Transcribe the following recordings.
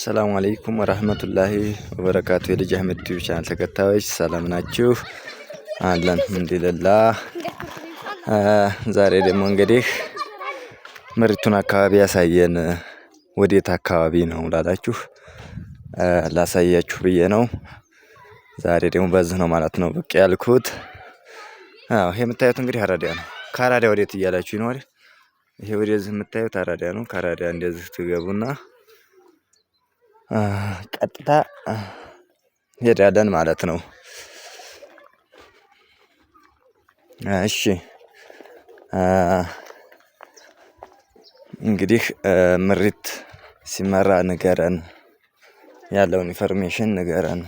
ሰላሙ አለይኩም ወራህመቱላሂ ወበረካቱ። የልጅ አህመድ ቲቪ ቻናል ተከታዮች ሰላም ናችሁ? አለን እንዲልላ። ዛሬ ደግሞ እንግዲህ መሬቱን አካባቢ ያሳየን ወዴት አካባቢ ነው ላላችሁ ላሳያችሁ ብዬ ነው። ዛሬ ደግሞ በዚህ ነው ማለት ነው ብቅ ያልኩት። አዎ ይሄ የምታዩት እንግዲህ አራዳ ነው። ከአራዳ ወዴት እያላችሁ ይኖር ይሄ ወደዚህ የምታዩት አራዳ ነው። ከአራዳ እንደዚህ ትገቡና ቀጥታ እንሄዳለን ማለት ነው። እሺ እንግዲህ ምሪት ሲመራ ንገረን ያለውን ኢንፎርሜሽን ንገረን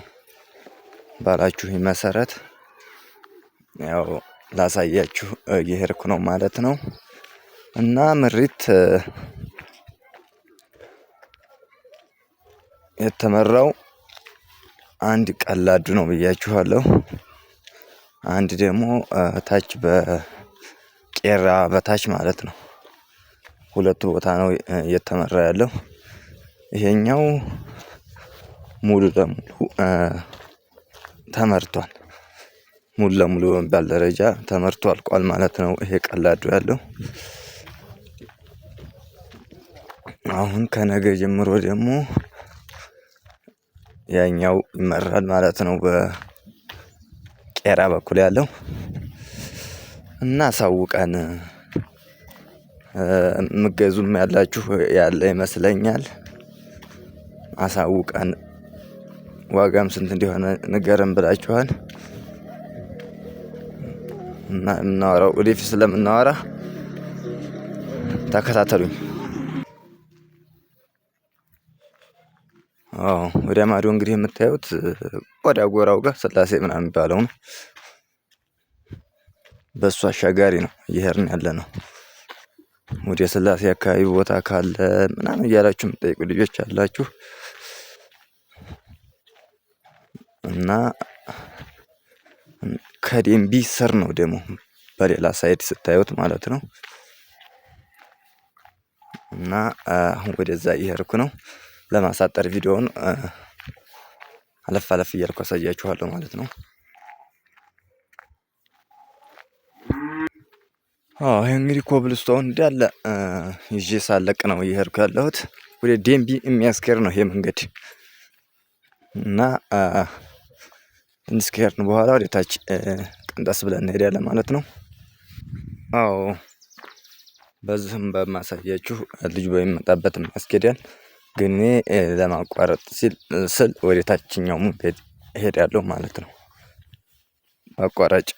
ባላችሁ መሰረት ያው ላሳያችሁ እየሄድኩ ነው ማለት ነው። እና ምሪት የተመራው አንድ ቀላዱ ነው ብያችኋለሁ። አንድ ደግሞ ታች በቄራ በታች ማለት ነው። ሁለቱ ቦታ ነው እየተመራ ያለው። ይሄኛው ሙሉ ለሙሉ ተመርቷል። ሙሉ ለሙሉ በሚባል ደረጃ ተመርቶ አልቋል ማለት ነው። ይሄ ቀላዱ ያለው አሁን ከነገ ጀምሮ ደግሞ ያኛው ይመራል ማለት ነው። በቄራ በኩል ያለው እና አሳውቀን ምገዙም ያላችሁ ያለ ይመስለኛል። አሳውቀን ዋጋም ስንት እንደሆነ ንገረን ብላችኋል። እና የምናወራው ወደፊት ስለምናወራ ተከታተሉኝ። ወዲያ ማዶ እንግዲህ የምታዩት ወዲያ ጎራው ጋር ስላሴ ምናምን የሚባለው ነው። በሱ አሻጋሪ ነው እየሄድን ያለነው። ወደ ስላሴ አካባቢ ቦታ ካለ ምናምን እያላችሁ የምትጠይቁ ልጆች አላችሁ። እና ከዴምቢ ስር ነው ደግሞ በሌላ ሳይድ ስታዩት ማለት ነው። እና አሁን ወደዛ እየሄድኩ ነው ለማሳጠር ቪዲዮውን አለፍ አለፍ እያልኩ አሳያችኋለሁ ማለት ነው። ይህ እንግዲህ ኮብልስቶን እንዳለ ይዤ ሳለቅ ነው እየሄድኩ ያለሁት። ወደ ደንቢ የሚያስኬድ ነው ይሄ መንገድ እና እንስኬርን በኋላ ወደ ታች ቅንጠስ ብለን እንሄዳለን ማለት ነው። አዎ በዚህም በማሳያችሁ ልጅ በሚመጣበት ያስኬዳል። ግን ለማቋረጥ ሲል ስል ወደ ታችኛው ያለው ማለት ነው። ማቋረጫ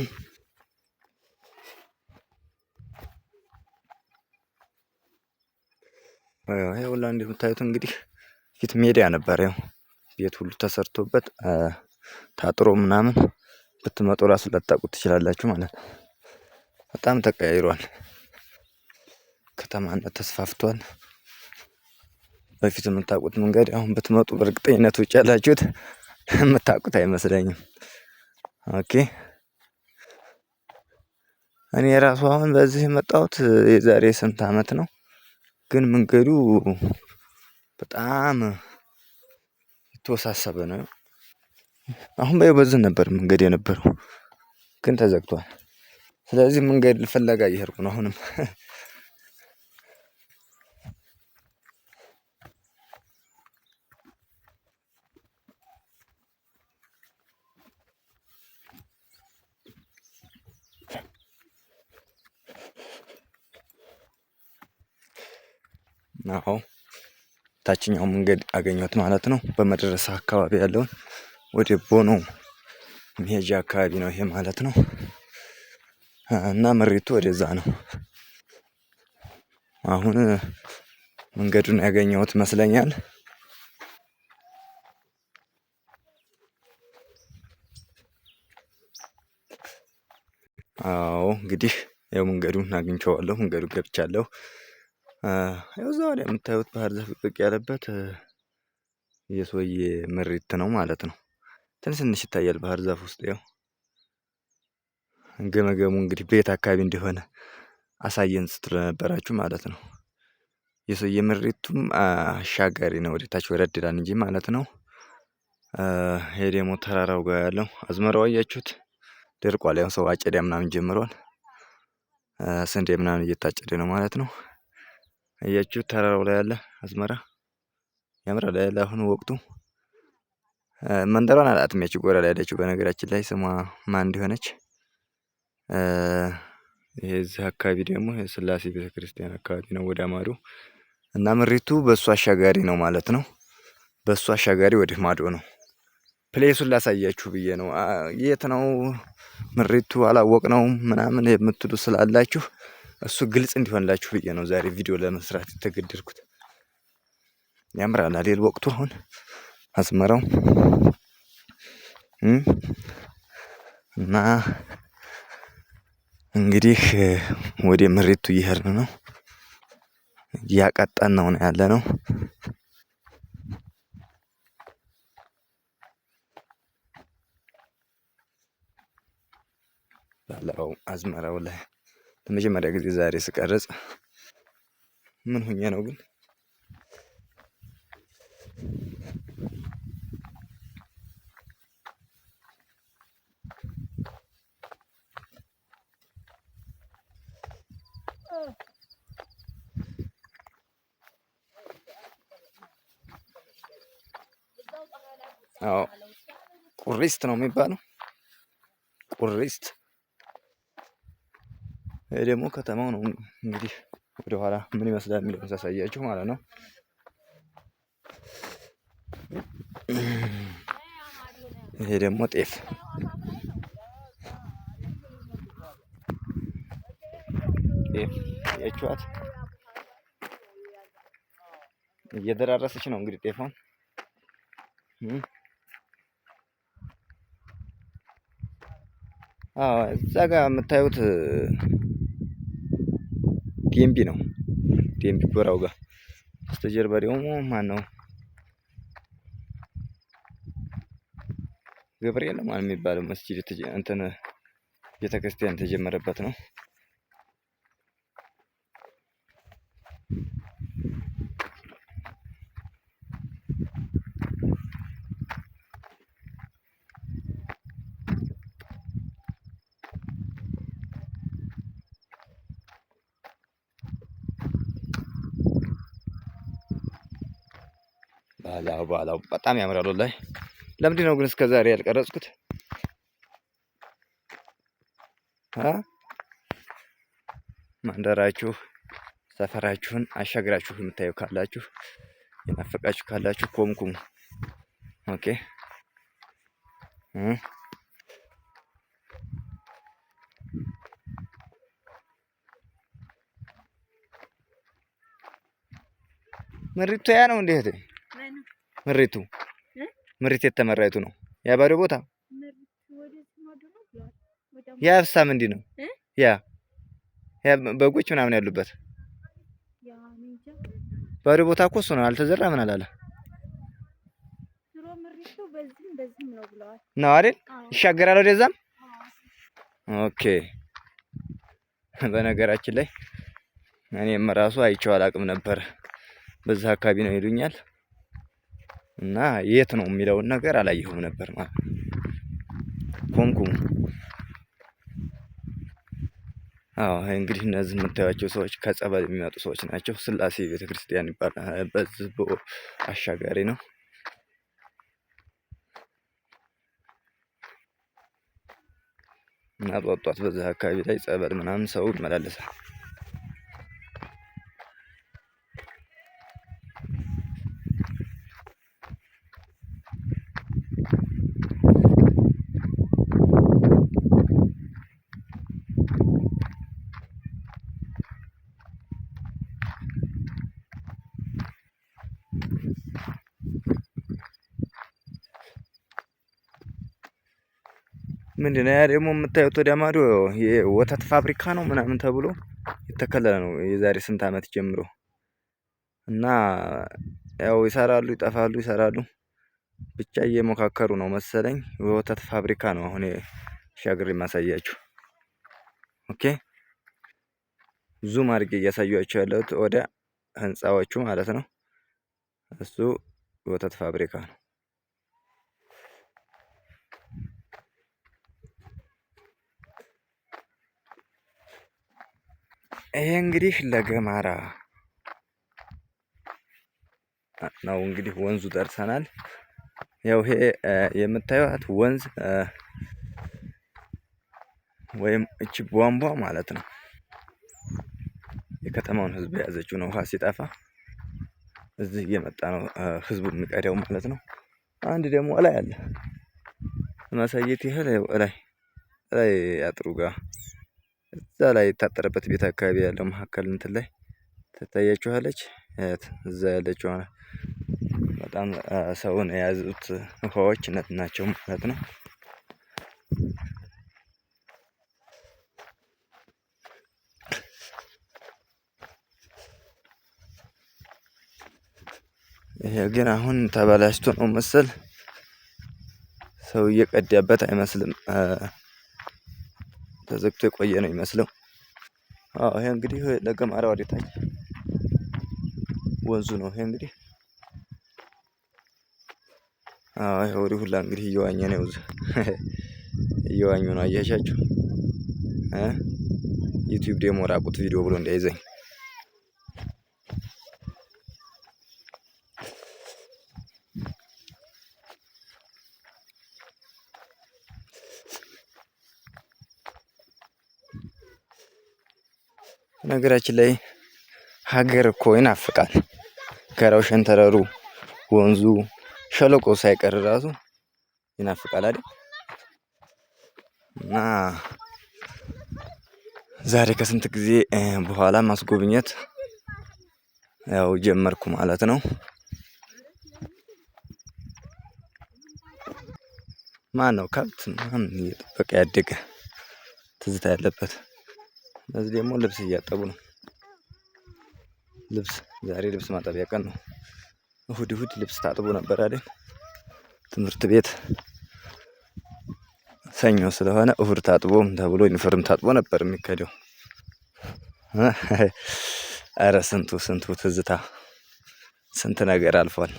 ይኸውላ እንደምታዩት እንግዲህ ፊት ሜዳ ነበር። ያው ቤት ሁሉ ተሰርቶበት ታጥሮ ምናምን ብትመጡ ራሱ ላታውቁት ትችላላችሁ ማለት ነው። በጣም ተቀያይሯል። ከተማነት ተስፋፍቷል። በፊት የምታውቁት መንገድ አሁን ብትመጡ በእርግጠኝነት ውጭ ያላችሁት የምታውቁት አይመስለኝም። ኦኬ እኔ የራሱ አሁን በዚህ የመጣሁት የዛሬ ስንት አመት ነው? ግን መንገዱ በጣም የተወሳሰበ ነው። አሁን በይ በዝን ነበር መንገድ የነበረው ግን ተዘግቷል። ስለዚህ መንገድ ፍለጋ እየሄድኩ ነው አሁንም አዎ ታችኛው መንገድ አገኘት ማለት ነው። በመድረሳ አካባቢ ያለውን ወደ ቦኖ መሄጃ አካባቢ ነው ይሄ ማለት ነው። እና ምሪቱ ወደዛ ነው። አሁን መንገዱን ያገኘሁት ይመስለኛል። አዎ እንግዲህ ያው መንገዱን አግኝቼዋለሁ። መንገዱ ገብቻለሁ። ያው እዛው ላይ የምታዩት ባህር ዛፍ ጥቅጥቅ ያለበት የሰውዬ ምሪት ነው ማለት ነው። ትንሽ ይታያል ባህር ዛፍ ውስጥ ያው ገመገሙ እንግዲህ ቤት አካባቢ እንደሆነ አሳየን ስትሉ ነበራችሁ ማለት ነው። የሰውዬ ምሪቱም አሻጋሪ ነው ወደ ታች ወረድ ይላል እንጂ ማለት ነው። ይሄ ደግሞ ተራራው ጋር ያለው አዝመራው አያችሁት ደርቋል። ያው ሰው አጨዳ ምናምን ጀምሯል። ስንዴ ምናምን እየታጨደ ነው ማለት ነው። እያችሁ ተራራው ላይ ያለ አዝመራ ያምራል። ለአሁኑ ወቅቱ መንደሯን አላውቅም። ያችሁ ጎራ ላይ ያለችው በነገራችን ላይ ስሟ ማን ሆነች ይሄ እዚህ አካባቢ ደግሞ የስላሴ ቤተክርስቲያን አካባቢ ነው ወደ ማዶ እና ምሪቱ በእሱ አሻጋሪ ነው ማለት ነው። በእሱ አሻጋሪ ወደ ማዶ ነው። ፕሌሱን ላሳያችሁ ብዬ ነው። የት ነው ምሪቱ አላወቅ ነው ምናምን የምትሉ ስላላችሁ እሱ ግልጽ እንዲሆንላችሁ ብዬ ነው ዛሬ ቪዲዮ ለመስራት የተገደድኩት። ያምራል አሌል ወቅቱ አሁን አዝመራው እና እንግዲህ ወደ ምሬቱ እየሄድን ነው። እያቃጣን ነው ያለ ነው። አዝመራው ላይ ለመጀመሪያ ጊዜ ዛሬ ስቀርጽ ምን ሆኜ ነው ግን አዎ ቁሪስት ነው የሚባለው። ቁሪስት ይህ ደግሞ ከተማው ነው እንግዲህ ወደኋላ ምን ይመስላል የሚለውን ሳሳያችሁ ማለት ነው። ይሄ ደግሞ ጤፍ የችዋት እየደራረሰች ነው እንግዲህ ጤፋን እዛ ጋ የምታዩት ቴምቢ ነው። ቴምቢ ጎራው ጋር በስተጀርባ ደግሞ ማን ነው? ገብርኤል ማን የሚባለው መስጂድ እንትን ቤተክርስቲያን የተጀመረበት ነው። በኋላው በጣም ያምራል ላይ ለምንድን ነው ግን እስከ ዛሬ ያልቀረጽኩት? መንደራችሁ ሰፈራችሁን አሻግራችሁ የምታዩ ካላችሁ የናፈቃችሁ ካላችሁ ኮምኩም ኦኬ መሬቱ ያ ነው እንዴት ምሪቱ ምሪት የተመራ ነው? ያ ባዶ ቦታ ያ ፍሳ ምንድን ነው? ያ ያ በጎች ምናምን ያሉበት ባዶ ቦታ እኮ እሱ ነው። አልተዘራ ምን አላለ ነው አይደል? ይሻገራል ወደዛም። ኦኬ። በነገራችን ላይ እኔም ራሱ አይቼው አላቅም ነበር። በዛ አካባቢ ነው ይሉኛል። እና የት ነው የሚለውን ነገር አላየሁም ነበር ማለት ነው። ኮምኩም አዎ እንግዲህ እነዚህ የምታዩቸው ሰዎች ከጸበል የሚመጡ ሰዎች ናቸው። ስላሴ ቤተክርስቲያን ይባላል። በዝቦ አሻጋሪ ነው። እና ጧጧት በዚህ አካባቢ ላይ ጸበል ምናምን ሰው ይመላለሳል። ምንድነው ያ ደግሞ የምታዩት ወደ ማዶ የወተት ፋብሪካ ነው ምናምን ተብሎ የተከለለ ነው የዛሬ ስንት ዓመት ጀምሮ እና ያው ይሰራሉ ይጠፋሉ ይሰራሉ ብቻ እየሞካከሩ ነው መሰለኝ። የወተት ፋብሪካ ነው አሁን ሻግር የማሳያችሁ። ኦኬ ዙም አድርጌ እያሳያችሁ ያለሁት ወደ ህንፃዎቹ ማለት ነው። እሱ የወተት ፋብሪካ ነው። ይሄ እንግዲህ ለገማራ ነው እንግዲህ ወንዙ ደርሰናል። ያው ይሄ የምታዩት ወንዝ ወይም እቺ ቧንቧ ማለት ነው የከተማውን ህዝብ የያዘችው ነው። ውሃ ሲጠፋ እዚህ እየመጣ ነው ህዝቡ የሚቀዳው ማለት ነው። አንድ ደግሞ እላይ አለ ማሳየት ያህል እላይ እላይ አጥሩ ጋር እዛ ላይ የታጠረበት ቤት አካባቢ ያለው መካከል እንትን ላይ ትታያችኋለች። እዛ ሆነ በጣም ሰውን የያዙት ውሃዎች ናቸው ማለት ነው። ይሄ ግን አሁን ተበላሽቶ ነው መሰል ሰው እየቀዳበት አይመስልም። ተዘግቶ የቆየ ነው የሚመስለው። አዎ ይሄ እንግዲህ ለገማራ ወደታች ወንዙ ነው። ይሄ እንግዲህ አዎ ይሄ ወዲህ ሁላ እንግዲህ እየዋኘ ነው እዚህ እየዋኙ ነው አያሻችሁ ዩቲዩብ ደግሞ ራቁት ቪዲዮ ብሎ እንዳይዘኝ ነገራችን ላይ ሀገር እኮ ይናፍቃል። ጋራው ሸንተረሩ፣ ወንዙ፣ ሸለቆ ሳይቀር ራሱ ይናፍቃል አይደል? እና ዛሬ ከስንት ጊዜ በኋላ ማስጎብኘት ያው ጀመርኩ ማለት ነው። ማን ነው ከብት ማን እየጠበቀ ያደገ ትዝታ ያለበት እነዚህ ደግሞ ልብስ እያጠቡ ነው። ልብስ ዛሬ ልብስ ማጠቢያ ቀን ነው። እሁድ እሁድ ልብስ ታጥቦ ነበር አይደል? ትምህርት ቤት ሰኞ ስለሆነ እሁድ ታጥቦም ተብሎ ዩኒፎርም ታጥቦ ነበር የሚከደው። አረ ስንቱ ስንቱ ትዝታ ስንት ነገር አልፏል።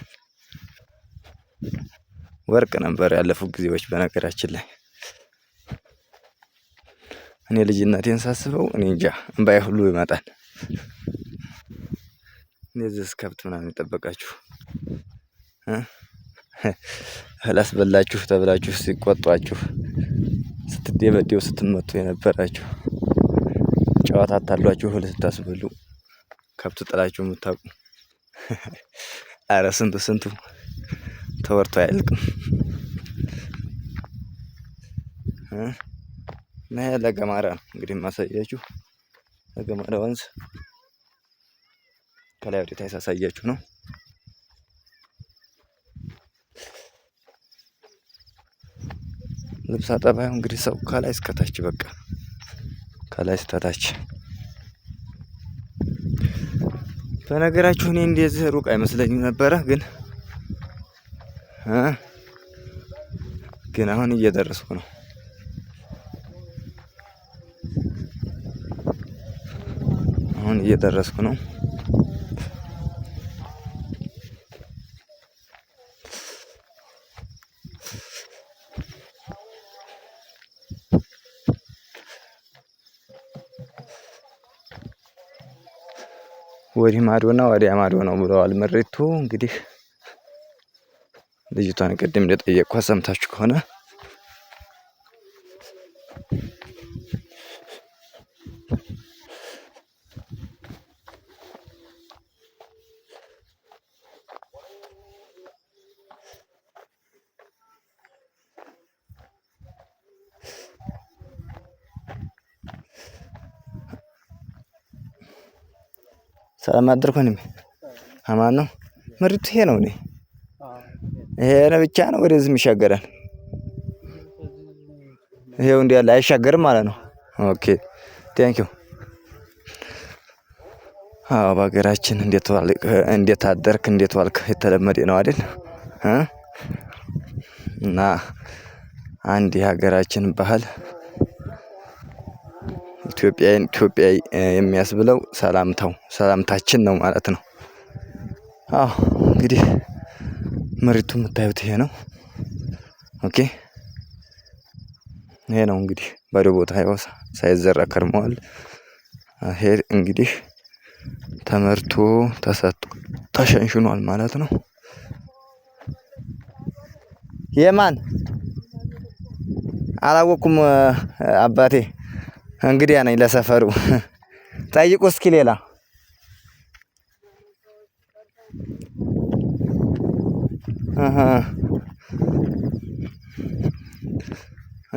ወርቅ ነበር ያለፉት ጊዜዎች በነገራችን ላይ እኔ ልጅነቴን ሳስበው እኔ እንጃ እምባዬ ሁሉ ይመጣል። እንደዚህስ ከብት ምናምን የጠበቃችሁ እህል አስበላችሁ ተብላችሁ ሲቆጧችሁ ስትደበደቡ ስትመቱ የነበራችሁ ጨዋታ አታሏችሁ እህል ስታስበሉ ከብት ጥላችሁ የምታውቁ አረ ስንቱ ስንቱ ተወርቶ አያልቅም። እና ለገማራ ነው እንግዲህ የማሳያችሁ። ለገማራ ወንዝ ከላይ ወደ ታች ሳሳያችሁ ነው። ልብስ አጠባዩ እንግዲህ ሰው ከላይ እስከታች በቃ ከላይ እስከታች። በነገራችሁ እኔ እንደዚህ ሩቅ አይመስለኝም ነበረ ግን ግን አሁን እየደረስኩ ነው። እየደረስኩ ነው። ወዲህ ማዶና ወዲያ ማዶ ነው ብለዋል። ምሬቱ እንግዲህ ልጅቷን ቅድም እንደጠየቅኳ ሰምታችሁ ከሆነ ጫማ አድርኩንም አማን ነው ምሪቱ ይሄ ነው። እኔ ይሄ ነው ብቻ ነው ወደዚህ ይሻገራል። ይሄው እንዲህ ያለ አይሻገርም ማለት ነው። ኦኬ ቴንክ ዩ አዎ በሀገራችን እንዴት ዋልክ፣ እንዴት አደርክ፣ እንዴት ዋልክ የተለመደ ነው አይደል? እና አንድ የሀገራችን ባህል ኢትዮጵያን ኢትዮጵያ የሚያስብለው ሰላምታው ሰላምታችን ነው ማለት ነው። አዎ እንግዲህ መሬቱ የምታዩት ይሄ ነው። ኦኬ ይሄ ነው እንግዲህ ባዶ ቦታ ሳይዘራ ከርመዋል። ይሄ እንግዲህ ተመርቶ ተሰጥቶ ተሸንሽኗል ማለት ነው። የማን አላወቅኩም አባቴ እንግዲያ ነኝ ለሰፈሩ። ጠይቁ እስኪ ሌላ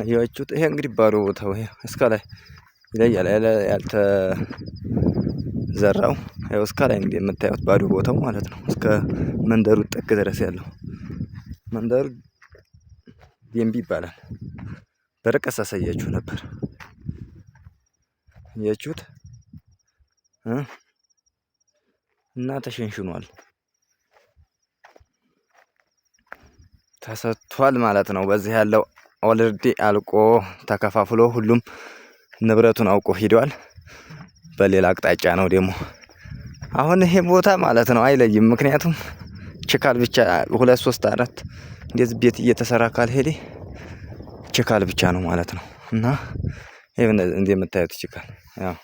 አያችሁት? ይሄ እንግዲህ ባዶ ቦታው እስከ ላይ ይለያል፣ ያልተዘራው ያው እስከ ላይ እንግዲህ የምታዩት ባዶ ቦታው ማለት ነው። እስከ መንደሩ ጥግ ድረስ ያለው መንደሩ ገንቢ ይባላል። በርቀት ሳሳያችሁ ነበር። ያችሁት እና ተሸንሽኗል ተሰጥቷል ማለት ነው። በዚህ ያለው ኦልሬዲ አልቆ ተከፋፍሎ ሁሉም ንብረቱን አውቆ ሂደዋል። በሌላ አቅጣጫ ነው ደግሞ አሁን ይሄ ቦታ ማለት ነው አይለይም። ምክንያቱም ችካል ብቻ ሁለት ሶስት አራት እንደዚህ ቤት እየተሰራ ካልሄደ ችካል ብቻ ነው ማለት ነው እና ይሄ እንደምታዩት ችካል ያው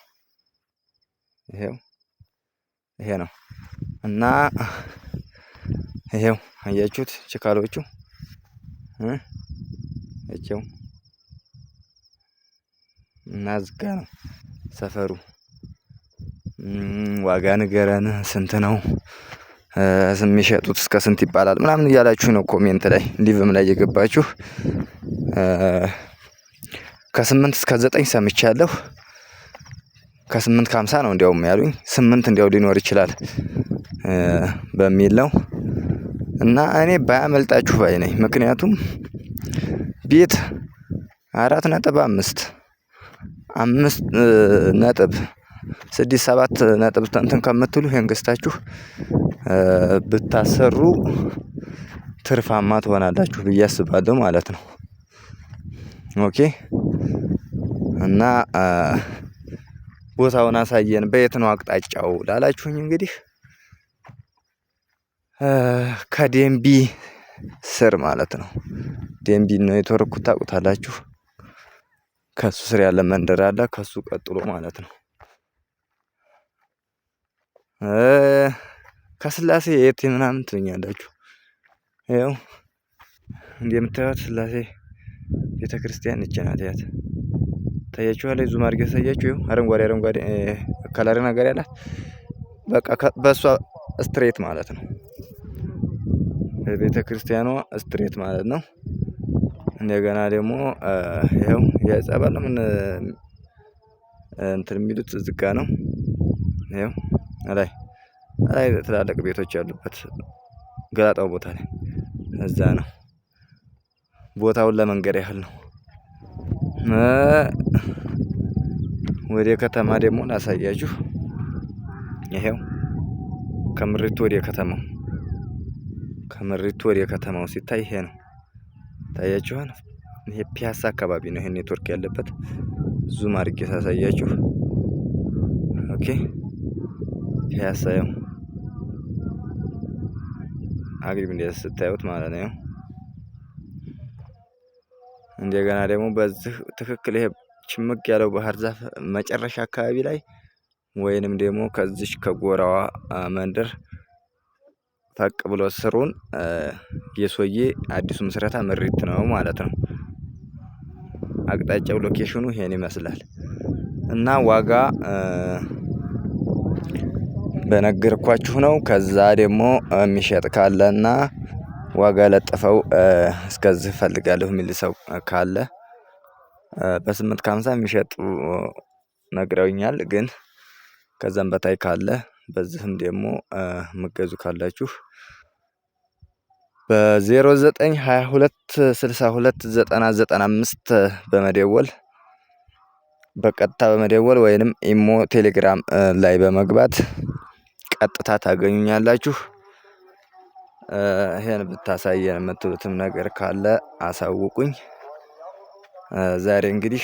ይሄው ይሄ ነው እና ይሄው አያችሁት ችካሎቹ እቸው እና ዝጋ ነው ሰፈሩ። ዋጋ ንገረን ስንት ነው የሚሸጡት እስከ ስንት ይባላል ምናምን እያላችሁ ነው ኮሜንት ላይ ሊቭም ላይ የገባችሁ ከስምንት እስከ ዘጠኝ ሰምቻለሁ። ከስምንት ከሃምሳ ነው እንዲያውም ያሉኝ ስምንት እንዲያው ሊኖር ይችላል በሚል ነው። እና እኔ ባያመልጣችሁ ባይ ነኝ። ምክንያቱም ቤት አራት ነጥብ አምስት አምስት ነጥብ ስድስት ሰባት ነጥብ እንትን ከምትሉ ይሄን ገዝታችሁ ብታሰሩ ትርፋማ ትሆናላችሁ ብዬ አስባለሁ ማለት ነው። ኦኬ እና ቦታውን አሳየን በየት ነው አቅጣጫው ላላችሁኝ እንግዲህ ከዴምቢ ስር ማለት ነው። ዴምቢ ነው ታውቁታላችሁ። ከሱ ስር ያለ መንደር አለ ከሱ ቀጥሎ ማለት ነው። ከስላሴ የት ምናምን ትኛላችሁ? ይኸው እንደምታዩት ስላሴ ቤተክርስቲያን ይችናት ያት ታያችኋ ላይ ዙም አድርጌ ታያችሁ አረንጓዴ አረንጓዴ ከለር ነገር ያላት በቃ በእሷ ስትሬት ማለት ነው። ቤተ ክርስቲያኗ ስትሬት ማለት ነው። እንደገና ደግሞ ይኸው የጸበል ምን እንትን የሚሉት ዝጋ ነው። ይኸው ላይ ላይ ትላልቅ ቤቶች ያሉበት ገላጣው ቦታ ላይ እዛ ነው ቦታውን ለመንገድ ያህል ነው። ወደ ከተማ ደግሞ ላሳያችሁ። ይሄው ከምሪቱ ወደ ከተማው ከምሪቱ ወደ ከተማው ሲታይ ይሄ ነው ታያችኋል። ይሄ ፒያሳ አካባቢ ነው። ይሄ ኔትወርክ ያለበት ዙም አድርጌ ሳሳያችሁ። ኦኬ ፒያሳ ያው አግሪብ እንደዚህ ስታዩት ማለት ነው። እንደገና ደግሞ በዚህ ትክክል ይሄ ችምቅ ያለው ባህር ዛፍ መጨረሻ አካባቢ ላይ ወይንም ደግሞ ከዚች ከጎራዋ መንደር ፈቅ ብሎ ስሩን የሶዬ አዲሱ ምስረታ ምሪት ነው ማለት ነው። አቅጣጫው ሎኬሽኑ ይሄን ይመስላል እና ዋጋ በነገርኳችሁ ነው። ከዛ ደግሞ የሚሸጥ ካለና ዋጋ ለጥፈው እስከዚህ ፈልጋለሁ የሚል ሰው ካለ በስምንት ከሃምሳ የሚሸጡ ነግረውኛል። ግን ከዛም በታይ ካለ በዚህም ደግሞ ምገዙ ካላችሁ በዜሮ ዘጠኝ ሀያ ሁለት ስልሳ ሁለት ዘጠና ዘጠና አምስት በመደወል በቀጥታ በመደወል ወይንም ኢሞ ቴሌግራም ላይ በመግባት ቀጥታ ታገኙኛላችሁ ይሄን ብታሳየን የምትሉትም ነገር ካለ አሳውቁኝ። ዛሬ እንግዲህ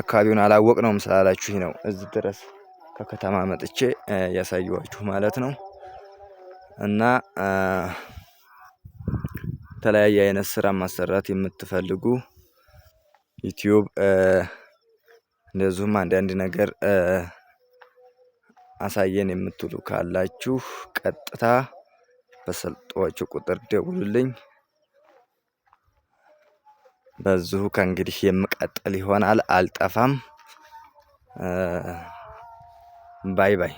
አካባቢውን አላወቅ አላወቅነውም ስላላችሁኝ ነው እዚህ ድረስ ከከተማ መጥቼ ያሳየኋችሁ ማለት ነው። እና የተለያየ አይነት ስራ ማሰራት የምትፈልጉ ዩቲዩብ እንደዚሁም አንዳንድ ነገር አሳየን የምትሉ ካላችሁ ቀጥታ በሰጧችሁ ቁጥር ደውሉልኝ። በዚሁ ከእንግዲህ የምቀጥል ይሆናል። አልጠፋም። ባይ ባይ